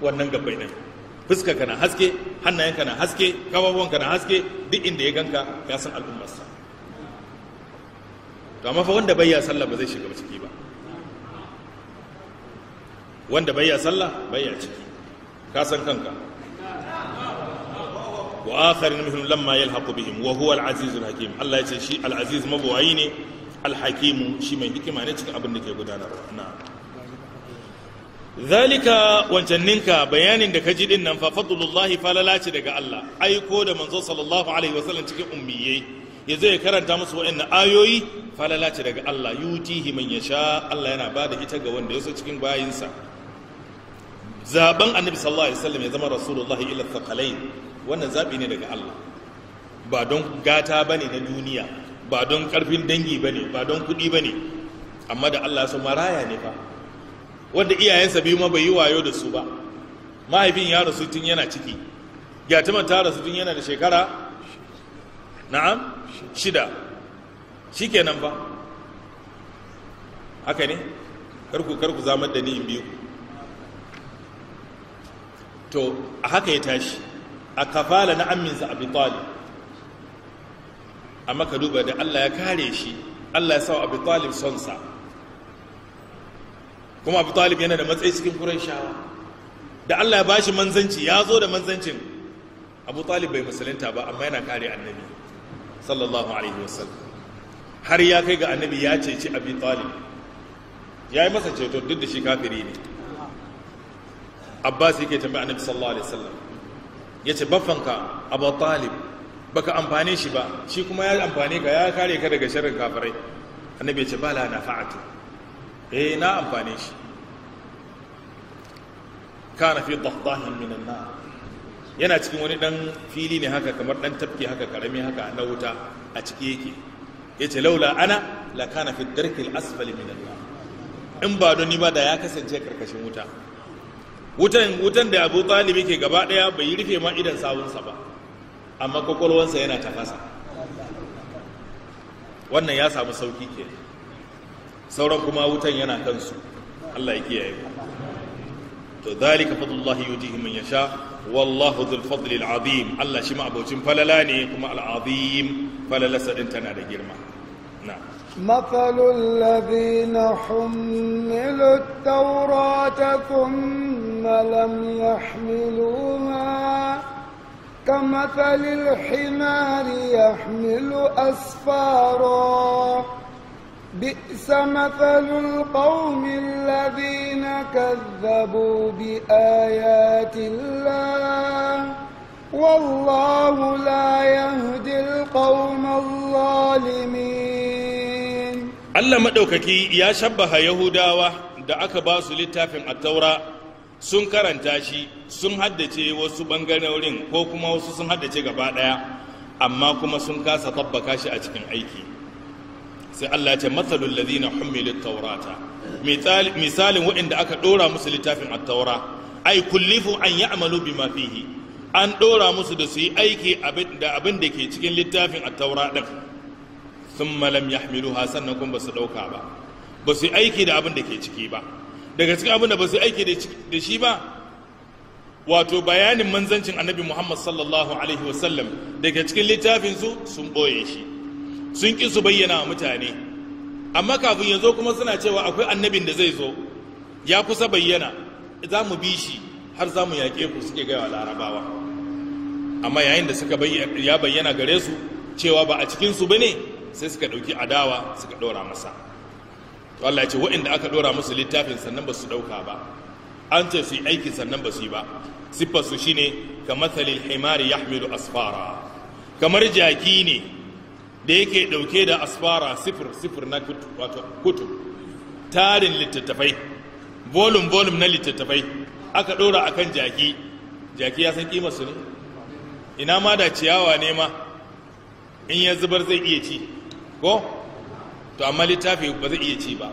wannan gabbai ne. fuska kana haske hannayenka na haske kawawanka na haske duk inda ya ganka ya san al'ummarsa to amma fa wanda bayya sallah ba zai shiga ciki ba wanda bayya sallah bayya ciki ka san kanka wa akharin minhum lamma yalhaqu bihim wa huwa al al hakim Allah ya ce shi al-aziz mabuwayi ne al hakim shi mai hikima ne cikin abin da ke gudanarwa na'am zalika ninka bayanin da ka ji din nan fa fadlullahi fa lalace daga Allah aiko da manzo sallallahu alaihi wasallam cikin ummiye yazo ya karanta musu waɗannan ayoyi fa lalace daga Allah yutihi man yasha Allah yana bada ita ga wanda yaso cikin bayinsa zaben annabi sallallahu alaihi wasallam ya zama rasulullahi ila thaqalain wannan zabi ne daga Allah ba don gata bane na duniya ba don karfin dangi bane ba don kuɗi bane amma da Allah ya so maraya ne fa wanda iyayensa biyu ma bai yi wayo da su ba mahaifin ya rasu tun yana ciki gyatuman ta rasu tun yana da shekara na'am shida shi kenan ba haka ne karku karku zamar da ni in biyu to a haka ya tashi a kafala na aminsa abin talib amma ka duba da allah ya kare shi allah ya sawa abin talib sonsa kuma abu talib yana da matsayi cikin shawa. da allah ya ba shi manzanci ya zo da manzancin abu talib bai musulunta ba amma yana kare annabi sallallahu alaihi wasallam har ya kai ga annabi ya ceci abu talib ya yi masa ceto duk da shi kafiri ne abbas yake tambaya annabi sallallahu alaihi wasallam ya ce baffanka abu talib baka amfane shi ba shi kuma ya amfane ka ya kare ka daga shirin kafirai annabi ya ce ba la na fa'atu eh na amfane shi kana fi dhahdahin minan nar yana cikin wani dan fili ne haka kamar dan tafki haka karami haka na wuta a ciki yake yace laula ana la kana fi al asfali minan nar in ba don ni ba da ya kasance karkashin wuta wutan wutan da Abu Talib yake gaba daya bai rufe ma idan sawunsa ba amma kwakwalwansa yana tafasa wannan ya samu sauki kenan sauran kuma wutan yana kansu Allah ya kiyaye ku to dalika fadlullahi yutihi man yasha wallahu dhul fadli alazim Allah shi ma abocin falala ne kuma alazim falala sadin tana da girma na مثل الذين حملوا التوراة ثم لم يحملوها كمثل الحمار يحمل أسفارا بئس مثل القوم الذين كذبوا بآيات الله والله لا يهدي القوم الظالمين الله مدوككي يا شبه يهوداوة da aka ba su littafin attaura sun karanta shi sun haddace wasu bangarorin ko kuma wasu sun haddace gaba daya amma kuma sun kasa tabbaka shi a cikin aiki sai Allah ya ce matsalul ladina humilu taurata misalin waɗanda aka ɗora musu littafin at-taura ai kullifu an ya'malu bima fihi an ɗora musu da su yi aiki da abin da ke cikin littafin at-taura din thumma lam yahmiluha sannan kun ba su ɗauka ba ba su yi aiki da abin da ke ciki ba daga cikin abin da ba su yi aiki da shi ba wato bayanin manzancin annabi muhammad sallallahu alaihi wasallam daga cikin littafin su sun ɓoye shi sun ƙi su bayyana wa mutane amma kafin ya zo kuma suna cewa akwai annabin da zai zo ya kusa bayyana za mu bi shi har za mu yaƙe ku suke gaya wa larabawa amma yayin da suka ya bayyana gare su cewa ba a cikin su bane sai suka ɗauki adawa suka ɗora masa to Allah ya ce waɗanda aka ɗora musu littafin sannan ba su ɗauka ba an ce su yi aiki sannan ba su yi ba siffar su shine kamar matsalil himari yahmilu asfara kamar jaki ne da yake dauke da asfara sifir sifir na kutu tarin littattafai volum volum na littattafai aka dora akan jaki jaki ya san kimarsu ne ina ma da ciyawa ne ma in ya zubar zai iya ci ko to amma littafi ba zai iya ci ba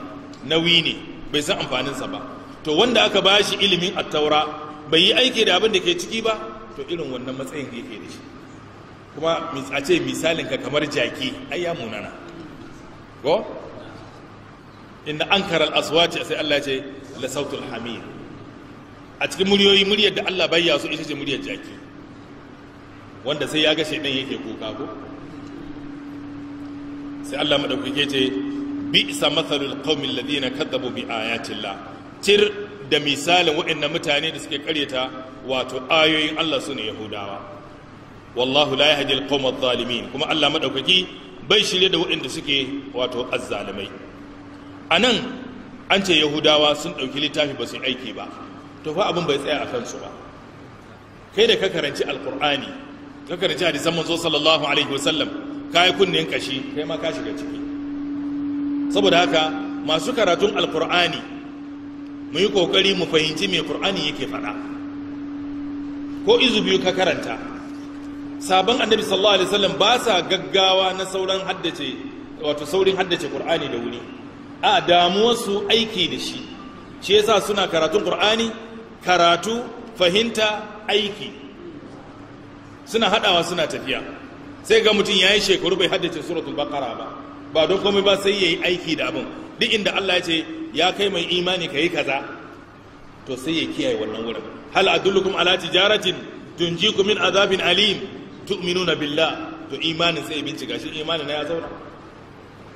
nauyi ne bai san amfaninsa ba to wanda aka bashi shi ilimin attaura bai yi aiki da abin da ke ciki ba to irin wannan matsayin yake da shi kuma a ce misalin ka kamar jaki ai ya munana ko inda an karar aswaci sai Allah ce la sautul hamir a cikin muryoyi muryar da Allah bayya su ita ce muryar jaki wanda sai ya ga shaidan yake kuka ko sai Allah ke ce bi isa mathalul qaumil ladina kadzabu bi ayatillah tir da misalin waɗannan mutane da suke karyata wato ayoyin Allah su ne yahudawa wallahu la yahdi al adh-dhalimin kuma Allah madaukaki bai shirye da waɗanda suke wato azzalimai anan an ce yahudawa sun ɗauki littafi ba su aiki ba to fa abun bai tsaya a kansu ba kai da ka karanci alkur'ani ka karanci hadisan manzo sallallahu alaihi sallam. ka yi kunnen kashi kai ma ka shiga ciki saboda haka masu karatun alkur'ani mu yi kokari mu fahimci me qur'ani yake faɗa ko izu biyu ka karanta sabon annabi sallallahu alaihi wasallam ba sa gaggawa na sauran haddace wato saurin haddace qur'ani da wuri a su aiki da shi shi yasa suna karatun qur'ani karatu fahimta aiki suna hadawa suna tafiya sai ga mutum yayi shekaru bai haddace suratul baqara ba ba don komai ba sai yayi aiki da abin duk inda Allah ya ce ya kai mai imani kai kaza to sai ya kiyaye wannan wurin hal adullukum ala tijaratin tunjikum min azabin alim na billah to imanin sai bincika shi imanin na ya zauna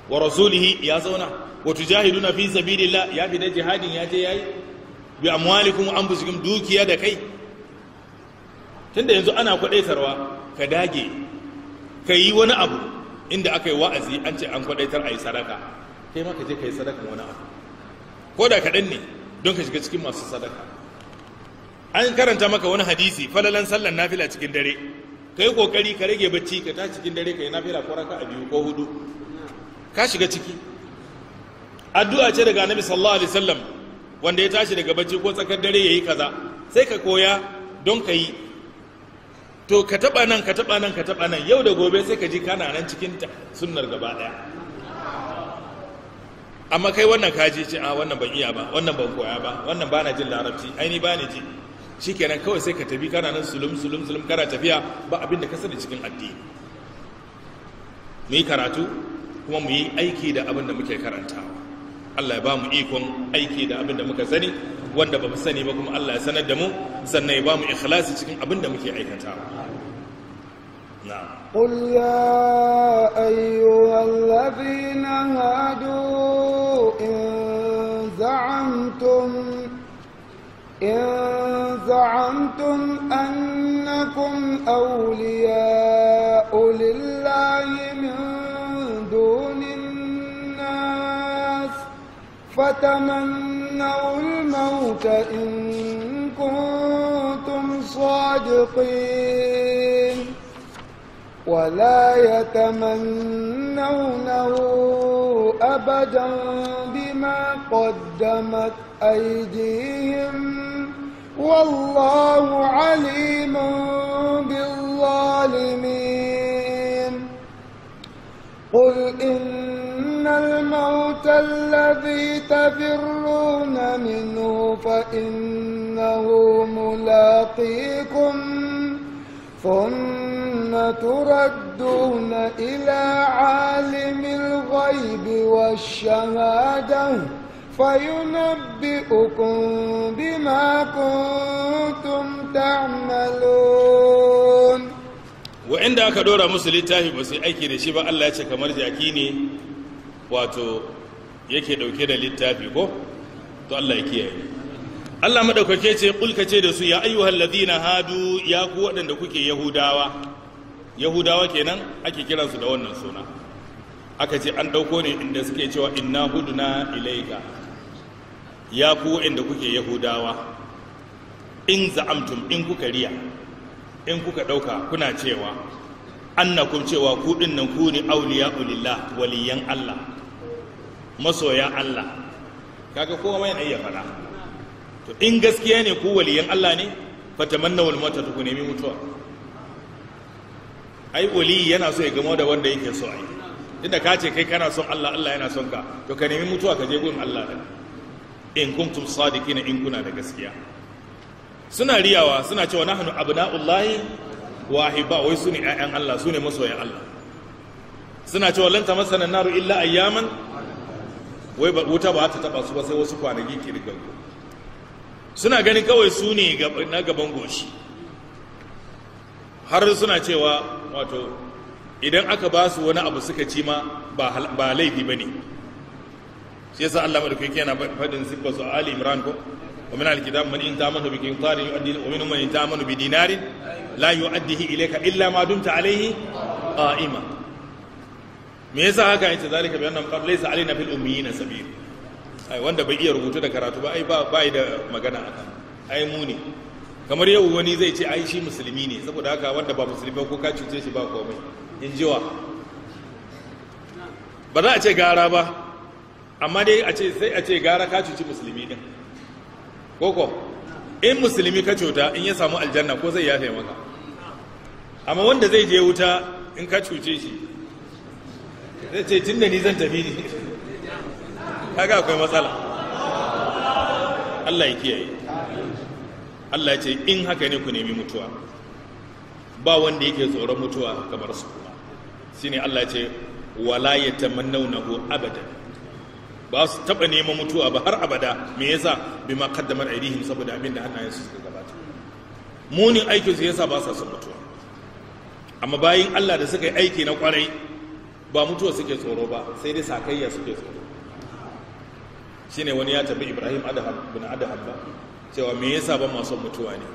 wa rasulihi ya zauna wa na fi sabilillah ya fi da jihadin ya je yayi bi amwalikum anfusikum dukiya da kai tunda yanzu ana kwadaitarwa ka dage ka yi wani abu inda aka yi wa'azi an ce an kwadaitar a yi sadaka kai ma ka je ka yi sadaka wani abu ko da kaɗan ne don ka shiga cikin masu sadaka an karanta maka wani hadisi falalan sallan nafila cikin dare ka yi kokari ka rage bacci ka tashi cikin dare ka yi nafila ko raka a biyu ko hudu ka shiga ciki addu'a ce daga annabi sallallahu alaihi wasallam wanda ya tashi daga bacci ko tsakar dare yayi kaza sai ka koya don ka yi to ka taba nan ka taba nan ka taba nan yau da gobe sai ka ji kana nan cikin sunnar gaba daya amma kai wannan kaji ce a ah, wannan ban iya ba wannan ban koya ba wannan bana jin larabci ai ni bani ji shikenan kawai sai ka tafi kana nan sulum sulum sulum kana tafiya ba abin da ka sani cikin addini mu yi karatu kuma mu yi aiki da abin da muke karantawa Allah ya ba mu ikon aiki da abin da muka sani wanda ba mu sani ba kuma Allah ya sanar da mu sannan ya ba mu ikhlasi cikin abin da muke aikatawa قل يا أيها الذين هادوا إن زعمتم إن زعمتم أنكم أولياء لله من دون الناس فتمنوا الموت إن كنتم صادقين ولا يتمنونه أبدا بما قدمت أيديهم والله عليم بالظالمين قل إن الموت الذي تفرون منه فإنه ملاقيكم ثم ترد يردون إلى عالم الغيب والشهادة فينبئكم بما كنتم تعملون وعند أكدورا مسلي تاهي بس أيكي نشيبا الله يشكا مرجع كيني واتو yake dauke da littafi ko to Allah ya kiyaye Allah madaukake ce kulka ce da su ya ayyuhal ladina hadu ya ku wadanda kuke yahudawa yahudawa kenan ake kiransu da wannan suna aka ce an ɗauko ne inda suke cewa inna huduna ilaika ya ku inda kuke yahudawa in za'amtum in kuka riya in kuka ɗauka kuna cewa annakum cewa ku nan ku ne auliya ulillah waliyan allah masoya allah kaga kowa mai ayya fara. to in gaskiya ne ku waliyan allah ne fatamanna wal mauta ku nemi mutuwa ai wali yana so ya gamo da wanda yake so ai inda ka ce kai kana son Allah Allah yana son ka to ka nemi mutuwa ka je gurin Allah da in kuntum sadiqina in kuna da gaskiya suna riyawa suna cewa nahnu abna'ullahi wa hiba wai ne ƴaƴan Allah ne masoyan Allah suna cewa lan tamassana naru illa ayyaman wai wuta ba ta taba su ba sai wasu kwanaki kirgago suna ganin kawai su ne na gaban goshi har suna cewa wato idan aka ba su wani abu suka ci ma ba laifi ba ne shi yasa Allah da madaukaki yana faɗin siffa su Ali Imran ko ومن الكتاب من إن تأمنه بقنطار يؤدي ومن من إن تأمنه بدينار لا يؤديه إليك illa ma دمت عليه قائما me yasa haka yace zalika bayanan qad laysa alaina fil ummiyina sabil ai wanda bai iya rubutu da karatu ba ai ba bai da magana akan ai mu ne kamar yau wani zai ce ai shi musulmi ne saboda haka wanda ba musulmi ko ka cuce shi ba komai in jiwa ba za a ce gara ba amma dai a ce sai a ce gara ka cuci musulmi din koko in musulmi ka cuta in ya samu aljanna ko zai yafe maka amma wanda zai je wuta in ka cuce shi zai ce tun da ni zan tafi ne kaga akwai matsala Allah ya kiyaye Allah ya ce in haka ne ku nemi mutuwa ba wanda yake tsoron mutuwa kamar su kuma ne Allah ya ce wala yatamannawnahu abada ba su taba neman mutuwa ba har abada me yasa ma qaddamar aidihim saboda abin da hannayen su suka gabata munin aikin su yasa ba sa son mutuwa amma bayin Allah da suka yi aiki na kwarai ba mutuwa suke tsoro ba sai dai sakayya suke tsoro shine wani ya tafi Ibrahim Adham bin Adham ba cewa me yasa ban masu mutuwa ne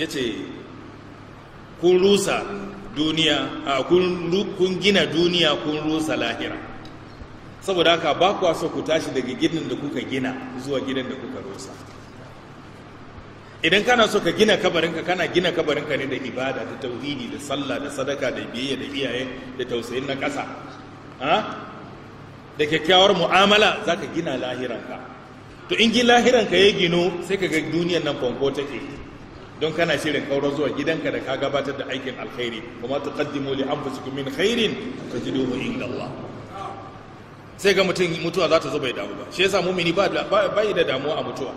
ya ce kun rusa duniya a kun gina duniya kun rusa lahira saboda haka ba kuwa so ku tashi daga gidan da kuka gina zuwa gidan da kuka rusa idan kana so ka gina kabarinka kana gina kabarinka ne da ibada da tauhidi da sallah da sadaka da biyayya da iyaye da tausayin na ƙasa da kyakkyawar mu'amala za ka gina lahiranka to in gi lahiran ka ya gino sai ka ga duniyar nan fanko take don kana shirin kauro zuwa gidanka da ka gabatar da aikin alkhairi kuma taqaddimu li anfusikum min khairin tajiduhu inda Allah sai ga mutum mutuwa za ta zo bai damu ba shi yasa mumini ba ba da damuwa a mutuwa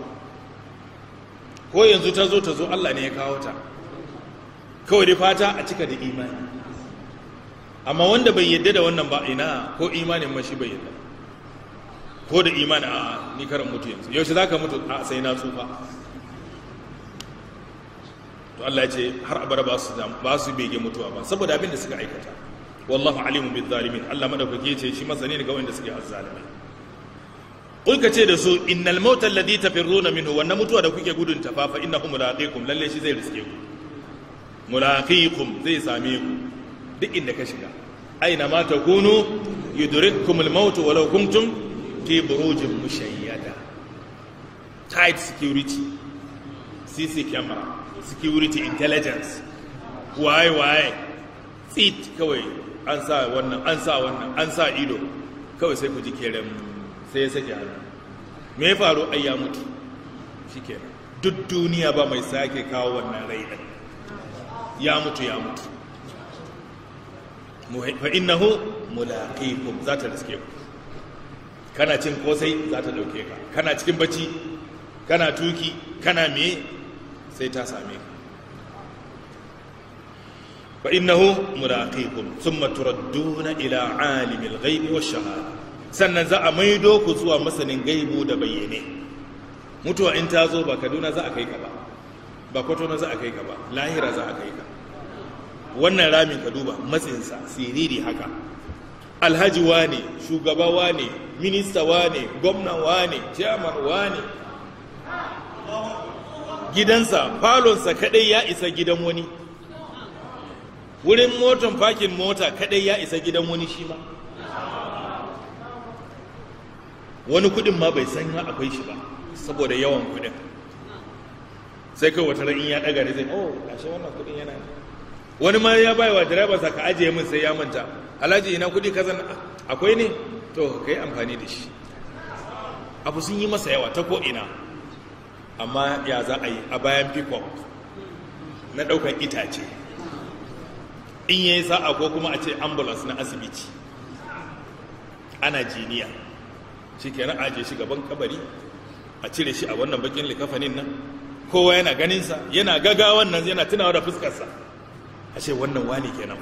ko yanzu ta zo ta zo Allah ne ya kawo ta kawai dai fata a cika da imani amma wanda bai yadda da wannan ba ina ko imanin ma shi bai yadda ko da imani a ni karan mutu yanzu yaushe za ka mutu a sai na tsufa to Allah ya ce har abada ba su ba su bege mutuwa ba saboda abin da suka aikata wallahu alimu bil zalimin Allah madaukake ce shi masani ga wanda suke azzalimai kul ka ce da su innal Ladi tafin tafirruna minhu wannan mutuwa da kuke gudun ta fa fa innahu mulaqikum lalle shi zai riske ku mulaqikum zai same ku duk inda ka shiga aina ma takunu yudrikkumul maut walau kuntum fi burujin mushayyada tight security cc camera security intelligence waye waye tsit kawai an sa wannan an sa wannan an sa ido kawai sai ku ji keren sai ya sake hannu me faru ai ya mutu shikenan duk duniya ba mai sake kawo wannan rai din ya mutu ya mutu fa innahu mulaqikum za ta riske ku kana cin kosai za ta ɗauke ka kana cikin bacci kana tuki kana me sai ta same ka fa innahu mulaqikum thumma turadduna ila alimil ghaibi wash shahada sannan za a maido ku zuwa masanin gaibu da bayyane mutuwa in ta zo ba Kaduna za a kai ka ba ba Kwatona za a kai ka ba lahira za a kai ka wannan ramin ka duba matsinsa siriri haka alhaji wane shugaba wane minista wane gwamna wane chairman wane gidansa falonsa kadai ya isa gidan wani wurin motan fakin mota kadai ya isa gidan wani shi ma wani kudin ma bai san akwai shi ba saboda yawan kudin sai kai wata in ya daga ne zai oh ashe wannan kudin yana wani ma ya bai wa direba sa ka ajiye min sai ya manta alhaji ina kudi kazan akwai ne to ka yi amfani da shi abu sun yi masa yawa ta ko'ina amma ya za a yi a bayan pipo. na daukan itace in yayi sa'a ko kuma a ce ambulance na asibiti ana jiniya shi aje shi gaban kabari a cire shi a wannan bakin likafanin nan kowa yana ganinsa yana gagawan nan yana tunawa da fuskarsa a ce wannan wani kenan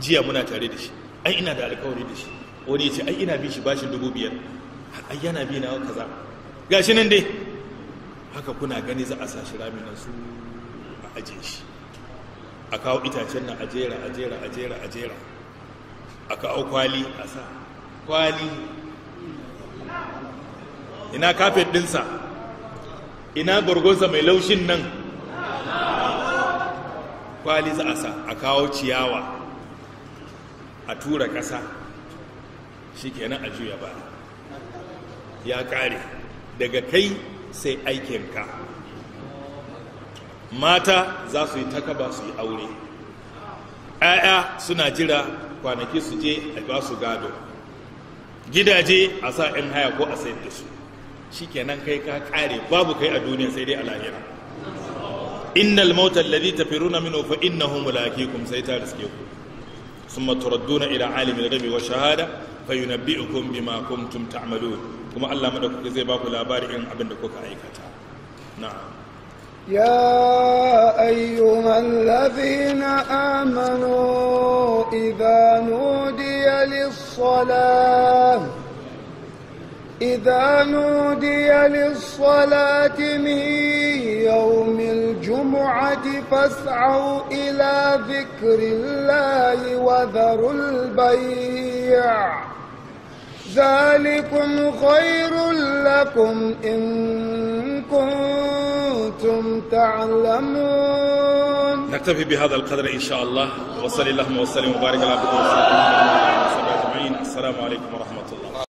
jiya muna tare da shi ai ina da alkawari da shi wani ya ce ai ina bin shi bashin dubu biyar ai yana bi na kaza gashi nan dai haka kuna gani za a sa shi rami na su a aje shi a kawo itacen nan a jera a jera a jera a jera a kawo kwali a sa kwali ina kafet dinsa ina gurgunsa mai laushin nan kwali za a sa a kawo ciyawa a tura ƙasa shi kenan a juya ba ya ƙare daga kai sai aikin ka. mata za su yi takaba su yi aure 'ya'ya suna jira kwanaki su je a ba su gado gidaje a sa 'yan haya ko a sayar da su shi kenan kai ka ƙare babu kai a duniya sai dai a lahira innal mautal ladhi tafiruna minhu fa innahu mulaqikum sai ta riske ku ثم تردون إلى عالم الغيب والشهادة فينبئكم بما كنتم تعملون كما الله مدك زي باكو لاباري إن أبن دكوك أيكتا نعم يا أيها الذين آمنوا إذا نودي للصلاة إذا نودي للصلاة من يوم الجمعة فاسعوا إلى ذكر الله وذروا البيع ذلكم خير لكم إن كنتم تعلمون نكتفي بهذا القدر إن شاء الله وصلي اللهم وسلم وبارك على عبده ورسوله السلام عليكم ورحمة الله